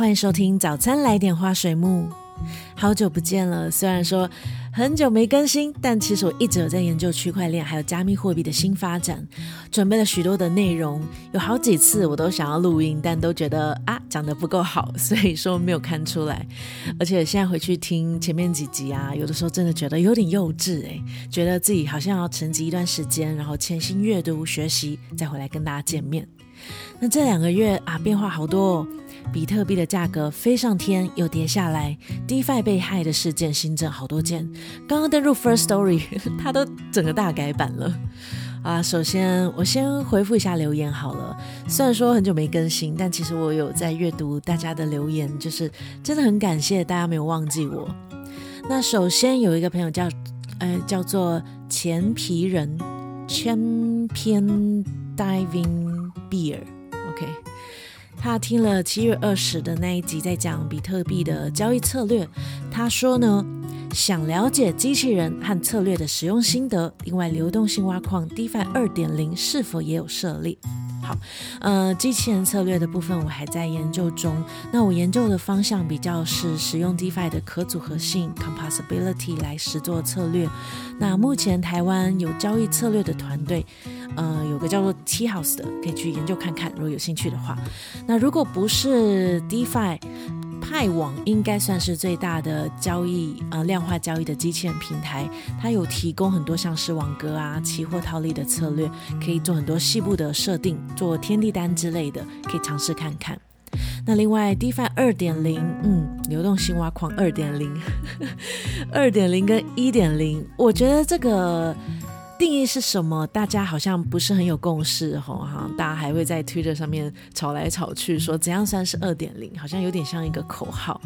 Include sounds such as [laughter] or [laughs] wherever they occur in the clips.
歡迎收聽早餐來點花水木，好久不見了。雖然說很久沒更新，但其實我一直有在研究區塊鏈還有加密貨幣的新發展，準備了許多的內容。有好幾次我都想要錄音，但都覺得啊講得不夠好，所以說沒有看出來。而且現在回去聽前面幾集啊，有的時候真的覺得有點幼稚誒、欸，覺得自己好像要沉寂一段時間，然後潛心閱讀學習，再回來跟大家見面。那這兩個月啊，變化好多哦。比特幣的價格飛上天又跌下來，DeFi 被害的事件新增好多件。剛剛登入 First Story，它都整個大改版了啊！首先，我先回復一下留言好了。雖然說很久沒更新，但其實我有在閱讀大家的留言，就是真的很感謝大家沒有忘記我。那首先有一個朋友叫，哎、呃，叫做前皮人，Champion Diving Beer，OK、okay? 他聽了七月二十的那一集，在講比特幣的交易策略。他說呢，想了解機器人和策略的使用心得。另外，流動性挖礦 DeFi 二點零是否也有設立？好，呃，機器人策略的部分我還在研究中。那我研究的方向比較是使用 DeFi 的可組合性 （composability） 來實作策略。那目前台灣有交易策略的團隊。呃，有個叫做 Teahouse 的，可以去研究看看，如果有興趣的話。那如果不是 DeFi，派網應該算是最大的交易啊、呃，量化交易的機器人平台，它有提供很多像是網格啊、期貨套利的策略，可以做很多細部的設定，做天地單之類的，可以嘗試看看。那另外 DeFi 二點零，0, 嗯，流動性挖礦二點零，二點零跟一點零，我覺得這個。定義是什麼？大家好像不是很有共識，吼哈，大家還會在 Twitter 上面吵來吵去，說怎樣算是二點零？好像有點像一個口號，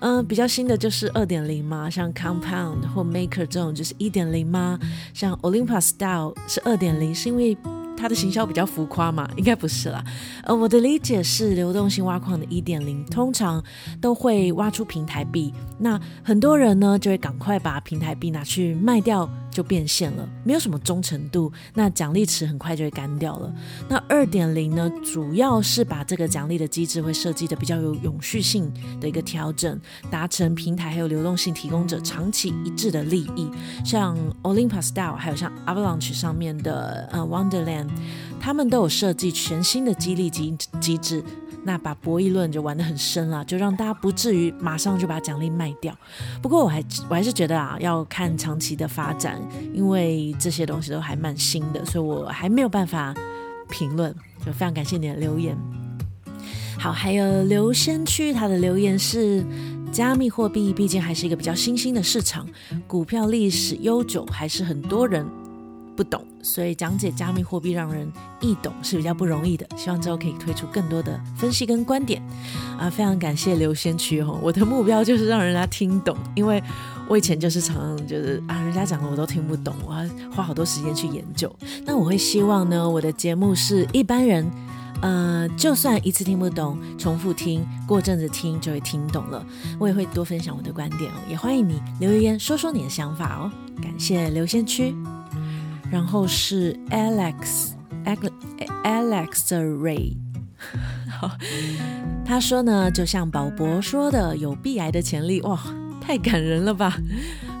嗯、呃，比較新的就是二點零嘛，像 Compound 或 Maker 這種就是一點零嘛，像 Olympus Style 是二點零，是因為。它的行銷比較浮誇嘛，應該不是啦。呃，我的理解是，流動性挖礦的1.0通常都會挖出平台幣，那很多人呢就會趕快把平台幣拿去賣掉，就變現了，沒有什麼忠誠度，那獎勵池很快就會乾掉了。那2.0呢，主要是把這個獎勵的機制會設計的比較有永續性的一個調整，達成平台還有流動性提供者長期一致的利益，像 Olympus Style 還有像 Avalanche 上面的呃 Wonderland。Wonder land, 他們都有設計全新的激勵機機制，那把博弈論就玩得很深了，就讓大家不至於馬上就把獎勵賣掉。不過我還我還是覺得啊，要看長期的發展，因為這些東西都還蠻新的，所以我還沒有辦法評論。就非常感謝你的留言。好，還有劉先區他的留言是：加密貨幣畢竟還是一個比較新興的市場，股票歷史悠久，還是很多人。不懂，所以講解加密貨幣讓人易懂是比較不容易的。希望之後可以推出更多的分析跟觀點啊、呃！非常感謝劉先區哦。我的目標就是讓人家聽懂，因為我以前就是常常就是啊，人家講的我都聽不懂，我要花好多時間去研究。那我會希望呢，我的節目是一般人呃，就算一次聽不懂，重複聽過陣子聽就會聽懂了。我也會多分享我的觀點，也歡迎你留言說說你的想法哦。感謝劉先區。然後是 Alex Alex Alex Ray， [laughs] 好，他說呢，就像寶博說的，有幣癌的潛力，哇，太感人了吧！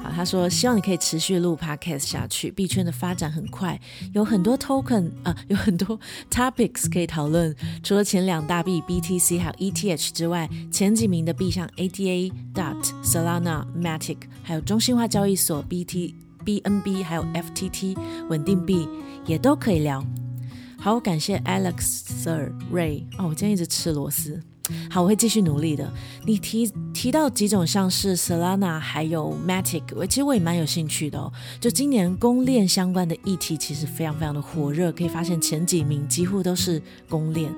啊，他說希望你可以持續錄 Podcast 下去，幣圈的發展很快，有很多 Token 啊、呃，有很多 Topics 可以討論。除了前兩大幣、BTC 還有 ETH 之外，前幾名的幣像 ADA、DOT、Solana、Matic，還有中心化交易所 BT。BNB 還有 FTT 穩定幣也都可以聊。好，感謝 Alex Sir Ray 哦，我今天一直吃螺絲。好，我會繼續努力的。你提提到幾種像是 Solana 還有 Matic，我其實我也蠻有興趣的哦。就今年公鏈相關的議題其實非常非常的火熱，可以發現前幾名幾乎都是公鏈。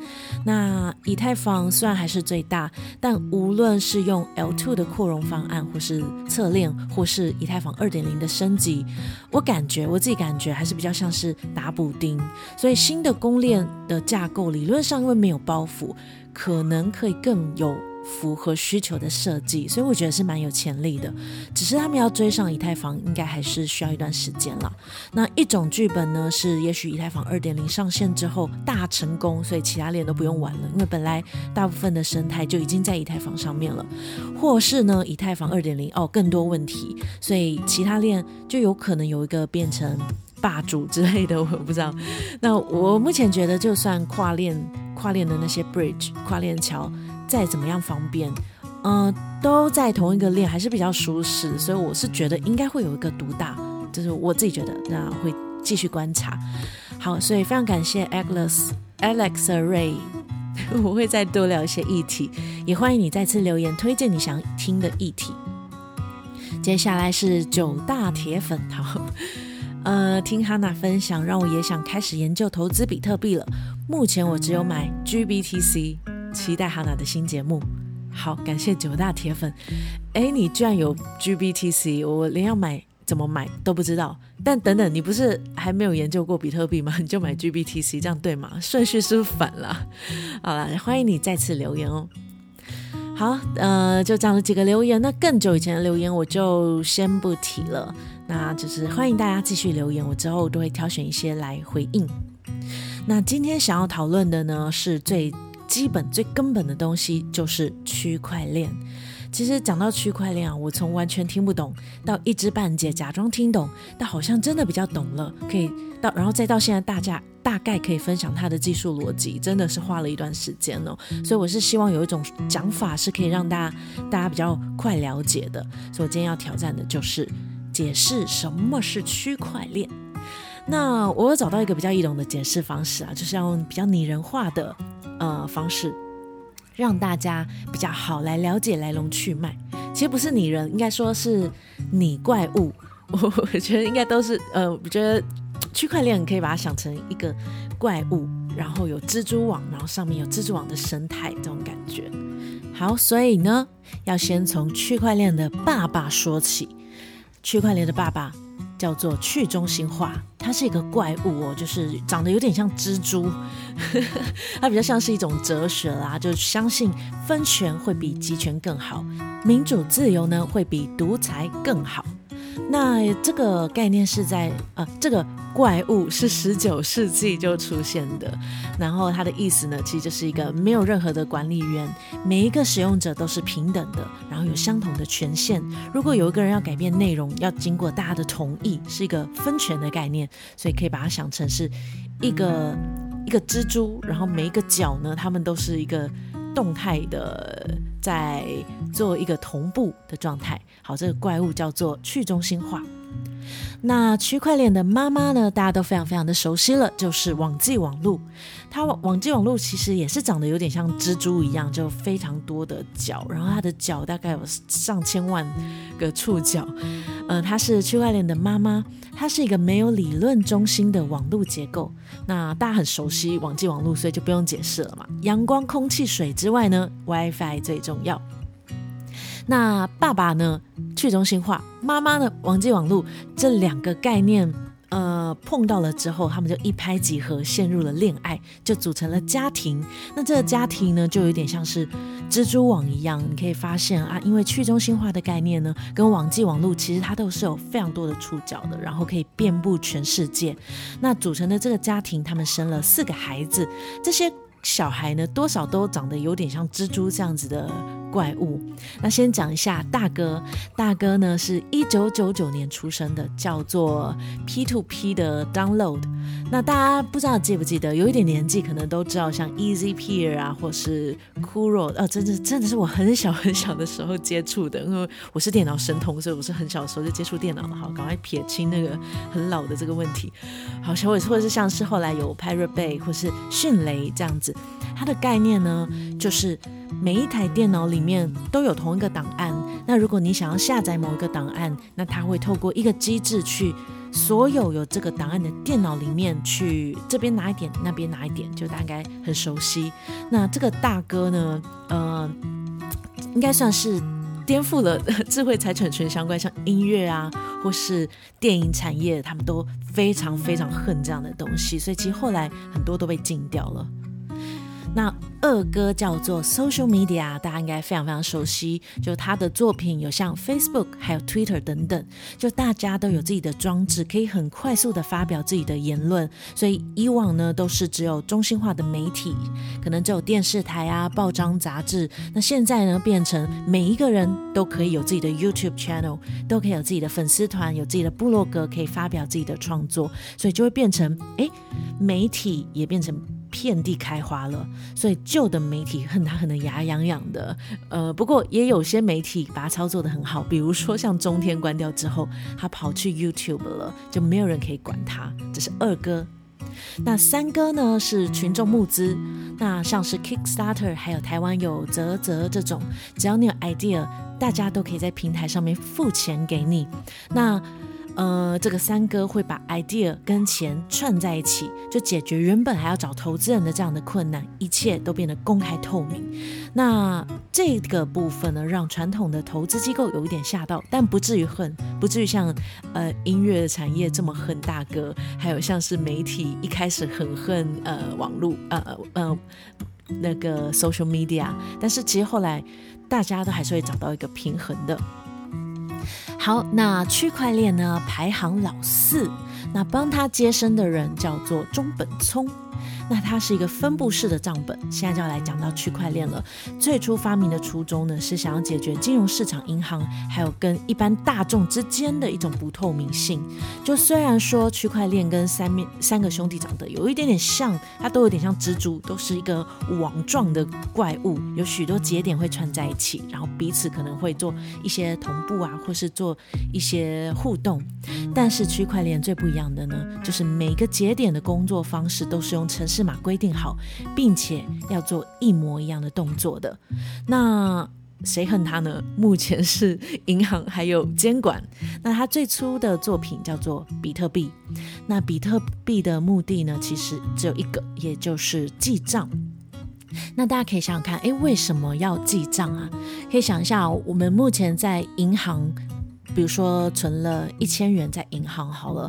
那以太坊雖然還是最大，但無論是用 L2 的擴容方案，或是側鏈，或是以太坊二點零的升級，我感覺我自己感覺還是比較像是打補丁。所以新的公鏈的架構理論上因為沒有包袱。可能可以更有符合需求的設計，所以我覺得是蠻有潛力的。只是他們要追上以太坊，應該還是需要一段時間了。那一種劇本呢？是也許以太坊二點零上線之後大成功，所以其他鏈都不用玩了，因為本來大部分的生態就已經在以太坊上面了。或是呢，以太坊二點零哦，更多問題，所以其他鏈就有可能有一個變成霸主之類的，我不知道。那我目前覺得，就算跨鏈、跨鏈的那些 bridge、跨鏈橋再怎麼樣方便，嗯、呃，都在同一個鏈還是比較舒適。所以我是覺得應該會有一個獨大，就是我自己覺得，那會繼續觀察。好，所以非常感謝 Alex、e、Alex Ray，我會再多聊一些議題，也歡迎你再次留言推薦你想聽的議題。接下來是九大鐵粉，好。呃，聽哈娜分享，讓我也想開始研究投資比特幣了。目前我只有買 GBTC，期待哈娜的新節目。好，感謝九大鐵粉。哎，你居然有 GBTC，我連要買怎麼買都不知道。但等等，你不是還沒有研究過比特幣嗎？你就買 GBTC，這樣對嗎？順序是不是反了？好啦，歡迎你再次留言哦。好，呃，就講了幾個留言，那更久以前的留言我就先不提了。那就是歡迎大家繼續留言，我之後都會挑選一些來回應。那今天想要討論的呢，是最基本、最根本的東西，就是區塊鏈。其實講到區塊鏈啊，我從完全聽不懂，到一知半解，假裝聽懂，到好像真的比較懂了，可以到，然後再到現在大家大概可以分享它的技術邏輯，真的是花了一段時間哦。所以我是希望有一種講法是可以讓大家大家比較快了解的。所以我今天要挑戰的就是解釋什麼是區塊鏈。那我有找到一個比較易懂的解釋方式啊，就是要用比較擬人化的呃方式。讓大家比較好來了解來龍去脈，其實不是擬人，應該說是擬怪物。我我覺得應該都是呃，我覺得區塊鏈可以把它想成一個怪物，然後有蜘蛛網，然後上面有蜘蛛網的生態這種感覺。好，所以呢，要先從區塊鏈的爸爸說起。區塊鏈的爸爸叫做去中心化。它是一個怪物哦，就是長得有點像蜘蛛。 [laughs] 它比較像是一種哲學啦，就相信分權會比集權更好，民主自由呢會比獨裁更好。那這個概念是在啊、呃，這個怪物是十九世紀就出現的，然後它的意思呢，其實就是一個沒有任何的管理員，每一個使用者都是平等的，然後有相同的權限。如果有一個人要改變內容，要經過大家的同意，是一個分權的概念。所以可以把它想成是一個、嗯、哼一個蜘蛛，然後每一個腳呢，它們都是一個動態的，在做一個同步的狀態。好，這個怪物叫做去中心化。那區塊鏈的媽媽呢，大家都非常非常的熟悉了，就是網際網路。它網際網路其實也是長得有點像蜘蛛一樣，就非常多的腳，然後它的腳大概有上千萬個觸角。呃，它是區塊鏈的媽媽，它是一個沒有理論中心的網絡結構。那大家很熟悉網際網絡，所以就不用解釋了嘛。陽光、空氣、水之外呢，WiFi 最重要。那爸爸呢，去中心化；媽媽呢，網際網絡，這兩個概念。呃，碰到了之後，他們就一拍即合，陷入了戀愛，就組成了家庭。那這個家庭呢，就有點像是蜘蛛網一樣。你可以發現啊，因為去中心化的概念呢，跟網際網絡其實它都是有非常多的觸角的，然後可以遍布全世界。那組成的這個家庭，他們生了四個孩子，這些小孩呢，多少都長得有點像蜘蛛這樣子的。怪物，那先講一下大哥。大哥呢，是一九九九年出生的，叫做 P2P 的 Download。那大家不知道記不記得？有一點年紀，可能都知道像 Easy Peer 啊，或是 Kuro。啊，真的，真的是我很小很小的時候接觸的，因、嗯、為我是電腦神童，所以我是很小的時候就接觸電腦了。哈，趕快撇清那個很老的這個問題。好，或者或者是像是後來有 Pirate Bay 或是迅雷這樣子，它的概念呢，就是，每一台電腦裡面都有同一個檔案。那如果你想要下載某一個檔案，那它會透過一個機制去所有有這個檔案的電腦裡面，去這邊拿一點，那邊拿一點，就大概很熟悉。那這個大哥呢，嗯、呃，應該算是顛覆了智慧財產權相關，像音樂啊或是電影產業，他們都非常非常恨這樣的東西，所以其實後來很多都被禁掉了。那二哥叫做 Social Media，大家應該非常非常熟悉。就他的作品有像 Facebook，還有 Twitter 等等，就大家都有自己的裝置，可以很快速的發表自己的言論。所以以往呢，都是只有中心化的媒體，可能只有電視台啊、報章、雜誌。那現在呢，變成每一個人都可以有自己的 YouTube Channel，都可以有自己的粉絲團，有自己的部落格，可以發表自己的創作。所以就會變成，誒、欸，媒體也變成。遍地開花了，所以舊的媒體恨他恨得牙癢癢的。呃，不過也有些媒體把它操作得很好，比如說像中天關掉之後，他跑去 YouTube 了，就沒有人可以管他。這是二哥。那三哥呢？是群眾募資。那像是 Kickstarter，還有台灣有嘖嘖這種，只要你有 idea，大家都可以在平台上面付錢給你。那。呃，這個三哥會把 idea 跟錢串在一起，就解決原本還要找投資人的這樣的困難，一切都變得公開透明。那這個部分呢，讓傳統的投資機構有一點嚇到，但不至於恨，不至於像呃音樂產業這麼恨大哥，還有像是媒體一開始很恨呃網絡呃呃，呃那個 social media，但是其實後來大家都還是會找到一個平衡的。好，那區塊鏈呢？排行老四，那幫他接生的人叫做中本聰。那它是一個分佈式的賬本，現在就要來講到區塊鏈了。最初發明的初衷呢，是想要解決金融市場、銀行還有跟一般大眾之間的一種不透明性。就雖然說區塊鏈跟三面三個兄弟長得有一點點像，它都有點像蜘蛛，都是一個網狀的怪物，有許多節點會串在一起，然後彼此可能會做一些同步啊，或是做一些互動。但是區塊鏈最不一樣的呢，就是每個節點的工作方式都是用程式是碼規定好，並且要做一模一樣的動作的。那誰恨他呢？目前是銀行還有監管。那他最初的作品叫做比特幣，那比特幣的目的呢，其實只有一個，也就是記賬。那大家可以想想看，哎，為什麼要記賬啊？可以想一下，哦，我們目前在銀行，比如說存了一千元在銀行好了。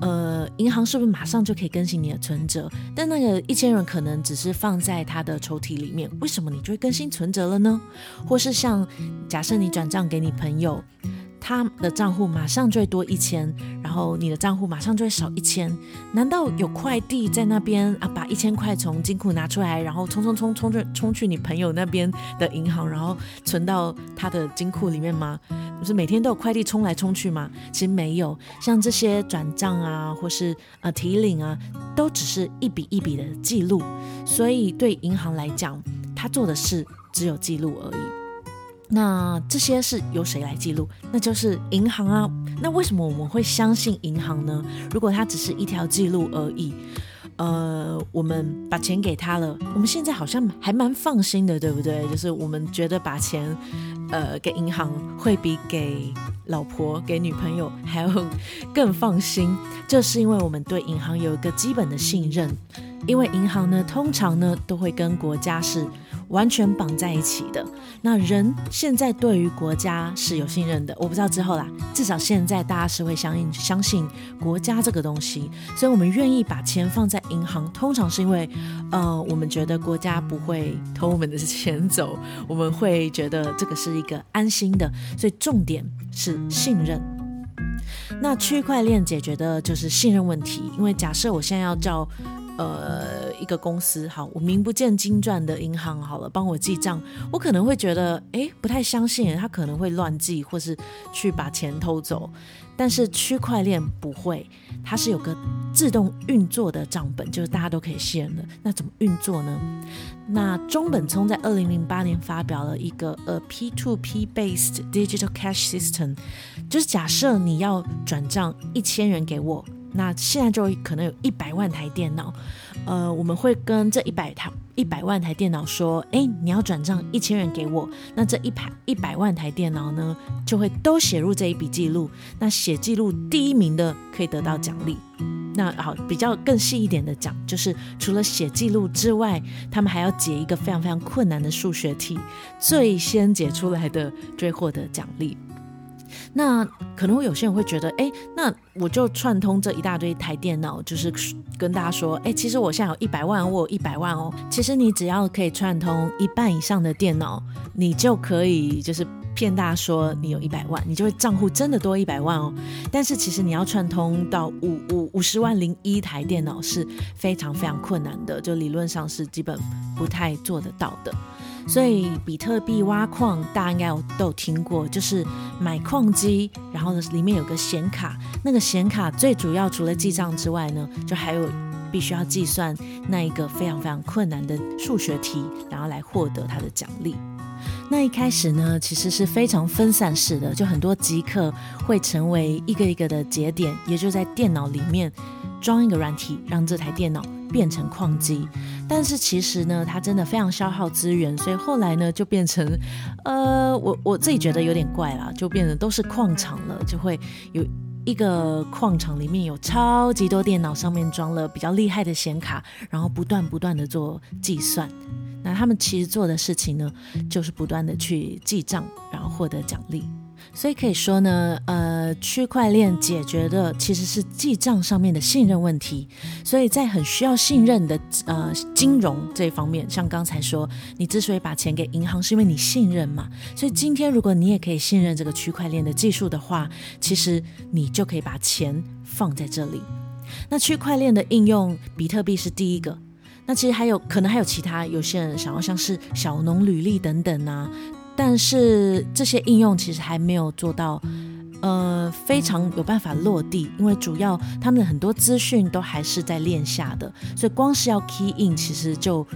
呃，銀行是不是馬上就可以更新你的存摺？但那個一千元可能只是放在他的抽屜裡面，為什麼你就會更新存摺了呢？或是像假設你轉賬給你朋友。他的賬戶馬上就會多一千，然後你的賬戶馬上就會少一千。難道有快遞在那邊啊，把一千塊從金庫拿出來，然後衝衝衝衝去衝去你朋友那邊的銀行，然後存到他的金庫裡面嗎？不是每天都有快遞衝來衝去嗎？其實沒有，像這些轉賬啊，或是啊、呃、提領啊，都只是一筆一筆的記錄。所以對銀行來講，他做的事只有記錄而已。那這些是由誰來記錄？那就是銀行啊。那為什麼我們會相信銀行呢？如果它只是一條記錄而已，呃，我們把錢給他了，我們現在好像還蠻放心的，對不對？就是我們覺得把錢，呃，給銀行會比給老婆、給女朋友還要更放心，就是因為我們對銀行有一個基本的信任。因為銀行呢，通常呢都會跟國家是。完全綁在一起的，那人現在對於國家是有信任的。我不知道之後啦，至少現在大家是會相信、相信國家這個東西，所以我們願意把錢放在銀行，通常是因為，呃，我們覺得國家不會偷我們的錢走，我們會覺得這個是一個安心的。所以重點是信任。那區塊鏈解決的就是信任問題，因為假設我現在要叫。呃，一個公司好，我名不見經傳的銀行好了，幫我記賬我可能會覺得哎，不太相信，他可能會亂記，或是去把錢偷走。但是區塊鏈不會，它是有個自動運作的賬本，就是大家都可以信任的。那怎麼運作呢？那中本聰在二零零八年發表了一個呃 P2P based digital cash system，就是假設你要轉賬一千元給我。那現在就可能有一百萬台電腦，呃，我們會跟這一百台、一百萬台電腦說：“哎，你要轉賬一千元給我。”那這一排一百萬台電腦呢，就會都寫入這一筆記錄。那寫記錄第一名的可以得到獎勵。那好，比較更細一點的講，就是除了寫記錄之外，他們還要解一個非常非常困難的數學題，最先解出來的最獲得獎勵。那可能會有些人會覺得，哎，那我就串通這一大堆台電腦，就是跟大家說，哎，其實我現在有一百萬，我有一百萬哦。其實你只要可以串通一半以上的電腦，你就可以就是騙大家說你有一百萬，你就會賬戶真的多一百萬哦。但是其實你要串通到五五五十萬零一台電腦是非常非常困難的，就理論上是基本不太做得到的。所以，比特幣挖礦大家應該有都有聽過，就是買礦機，然後呢裡面有個顯卡，那個顯卡最主要除了記賬之外呢，就還有必須要計算那一個非常非常困難的數學題，然後來獲得它的獎勵。那一開始呢，其實是非常分散式的，就很多極客會成為一個一個的節點，也就是在電腦裡面裝一個軟體，讓這台電腦變成礦機。但是其實呢，它真的非常消耗資源，所以後來呢就變成，呃，我我自己覺得有點怪啦，就變得都是礦場了，就會有一個礦場裡面有超級多電腦，上面裝了比較厲害的顯卡，然後不斷不斷的做計算。那他們其實做的事情呢，就是不斷的去記賬，然後獲得獎勵。所以可以說呢，呃，區塊鏈解決的其實是記賬上面的信任問題。所以在很需要信任的呃金融這一方面，像剛才說，你之所以把錢給銀行，是因為你信任嘛。所以今天如果你也可以信任這個區塊鏈的技術的話，其實你就可以把錢放在這裡。那區塊鏈的應用，比特幣是第一個。那其實還有可能還有其他，有些人想要像是小農履歷等等啊。但是這些應用其實還沒有做到，呃，非常有辦法落地，因為主要他們的很多資訊都還是在鏈下的，所以光是要 key in，其實就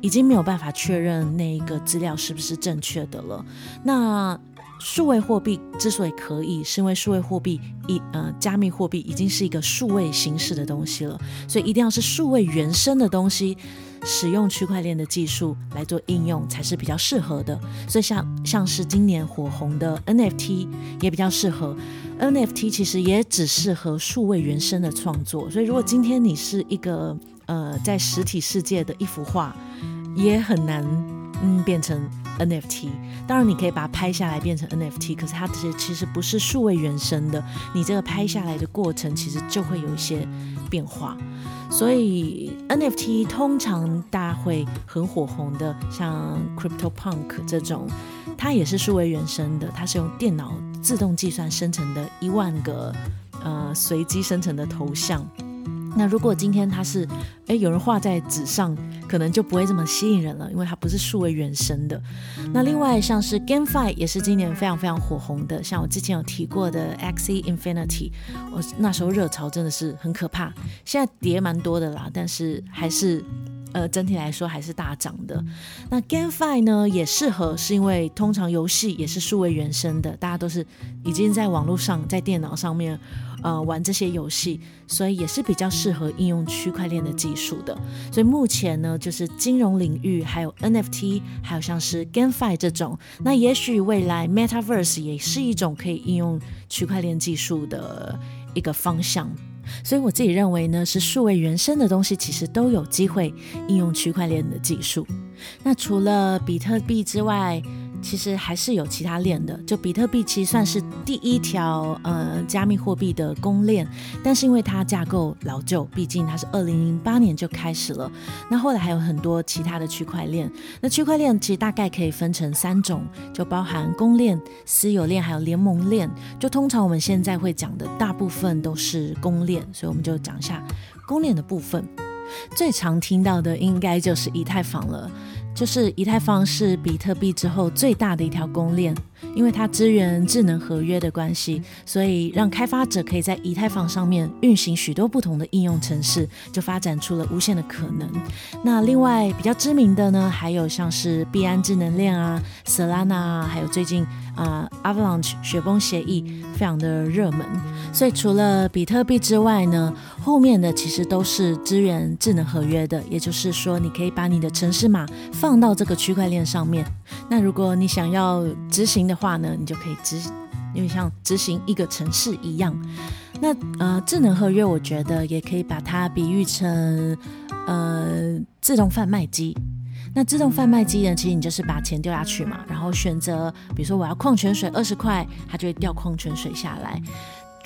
已經沒有辦法確認那一個資料是不是正確的了。那數位貨幣之所以可以，是因為數位貨幣一呃加密貨幣已經是一個數位形式的東西了，所以一定要是數位原生的東西，使用區塊鏈的技術來做應用才是比較適合的，所以像像是今年火紅的 NFT 也比較適合，NFT 其實也只適合數位原生的創作，所以如果今天你是一個呃在實體世界的一幅畫，也很難嗯變成 NFT，當然你可以把它拍下來變成 NFT，可是它其實其實不是數位原生的，你這個拍下來的過程其實就會有一些變化，所以 NFT 通常大家會很火紅的，像 CryptoPunk 這種，它也是數位原生的，它是用電腦自動計算生成的一萬個呃隨機生成的頭像。那如果今天它是，哎，有人畫在紙上，可能就不會這麼吸引人了，因為它不是數位原生的。那另外像是 GameFi 也是今年非常非常火紅的，像我之前有提過的 Axie Infinity，我那時候熱潮真的是很可怕，現在跌蠻多的啦，但是還是。呃，整體來說還是大漲的。那 GameFi 呢也適合，是因為通常遊戲也是數位原生的，大家都是已經在網絡上、在電腦上面呃玩這些遊戲，所以也是比較適合應用區塊鏈的技術的。所以目前呢，就是金融領域，還有 NFT，還有像是 GameFi 這種，那也許未來 Metaverse 也是一種可以應用區塊鏈技術的一個方向。所以我自己認為呢，是數位原生的東西，其實都有機會應用區塊鏈的技術。那除了比特幣之外，其實還是有其他鏈的，就比特幣其實算是第一條呃加密貨幣的公鏈，但是因為它架構老舊，畢竟它是二零零八年就開始了。那後來還有很多其他的區塊鏈，那區塊鏈其實大概可以分成三種，就包含公鏈、私有鏈還有聯盟鏈。就通常我們現在會講的大部分都是公鏈，所以我們就講一下公鏈的部分。最常聽到的應該就是以太坊了。就是以太坊是比特幣之後最大的一條公鏈。因為它支援智能合約的關係，所以讓開發者可以在以太坊上面運行許多不同的應用程式，就發展出了無限的可能。那另外比較知名的呢，還有像是幣安智能鏈啊、Solana 啊，還有最近啊、呃、Avalanche 雪崩協議非常的熱門。所以除了比特幣之外呢，後面的其實都是支援智能合約的，也就是說，你可以把你的程式碼放到這個區塊鏈上面。那如果你想要執行的話呢，你就可以執，因為像執行一個程式一樣。那呃，智能合約我覺得也可以把它比喻成呃自動販賣機。那自動販賣機呢，其實你就是把錢丟下去嘛，然後選擇，比如說我要礦泉水二十塊，它就會掉礦泉水下來。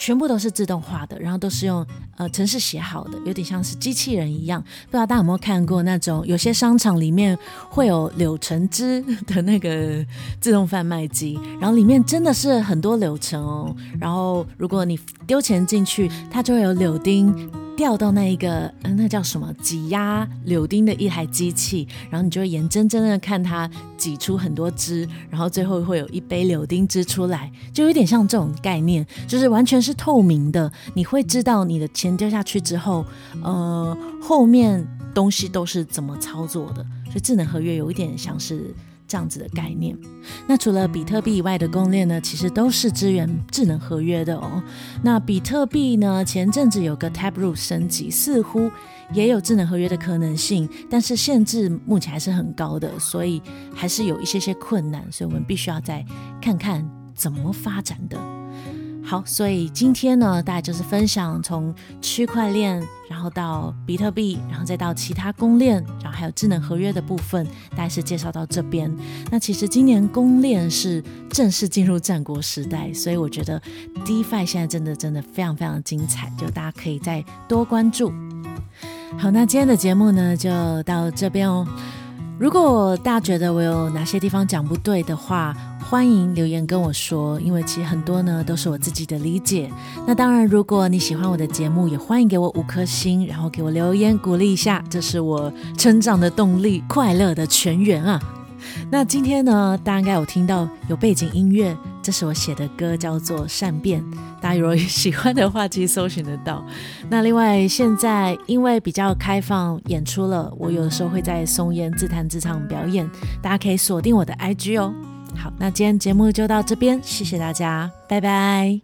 全部都是自動化的，然後都是用呃程式寫好的，有點像是機器人一樣。不知道大家有沒有看過那種，有些商場裡面會有柳橙汁的那個自動販賣機，然後裡面真的是很多柳橙哦。然後如果你丟錢進去，它就會有柳丁。掉到那一個，嗯、呃，那叫什麼？擠壓柳丁的一台機器，然後你就會眼睜睜的看它擠出很多汁，然後最後會有一杯柳丁汁出來，就有點像這種概念，就是完全是透明的，你會知道你的錢掉下去之後，呃，後面東西都是怎麼操作的，所以智能合約有一點像是。這樣子的概念，那除了比特幣以外的公鏈呢，其實都是支援智能合約的哦。那比特幣呢，前陣子有個 Taproot 升級，似乎也有智能合約的可能性，但是限制目前還是很高的，所以還是有一些些困難，所以我們必須要再看看怎麼發展的。好，所以今天呢，大家就是分享從區塊鏈，然後到比特幣，然後再到其他公鏈，然後還有智能合約的部分，大概是介紹到這邊。那其實今年公鏈是正式進入戰國時代，所以我覺得 DeFi 現在真的真的非常非常精彩，就大家可以再多關注。好，那今天的節目呢，就到這邊哦。如果大家覺得我有哪些地方講不對的話，歡迎留言跟我說，因為其實很多呢都是我自己的理解。那當然，如果你喜歡我的節目，也歡迎給我五顆星，然後給我留言鼓勵一下，這是我成長的動力，快樂的泉源啊。那今天呢，大家應該有聽到有背景音樂。這是我寫的歌，叫做《善變》，大家如果喜歡的話，可以搜尋得到。那另外，現在因為比較開放演出了，我有的時候會在松煙自彈自唱表演，大家可以鎖定我的 IG 哦。好，那今天節目就到這邊，謝謝大家，拜拜。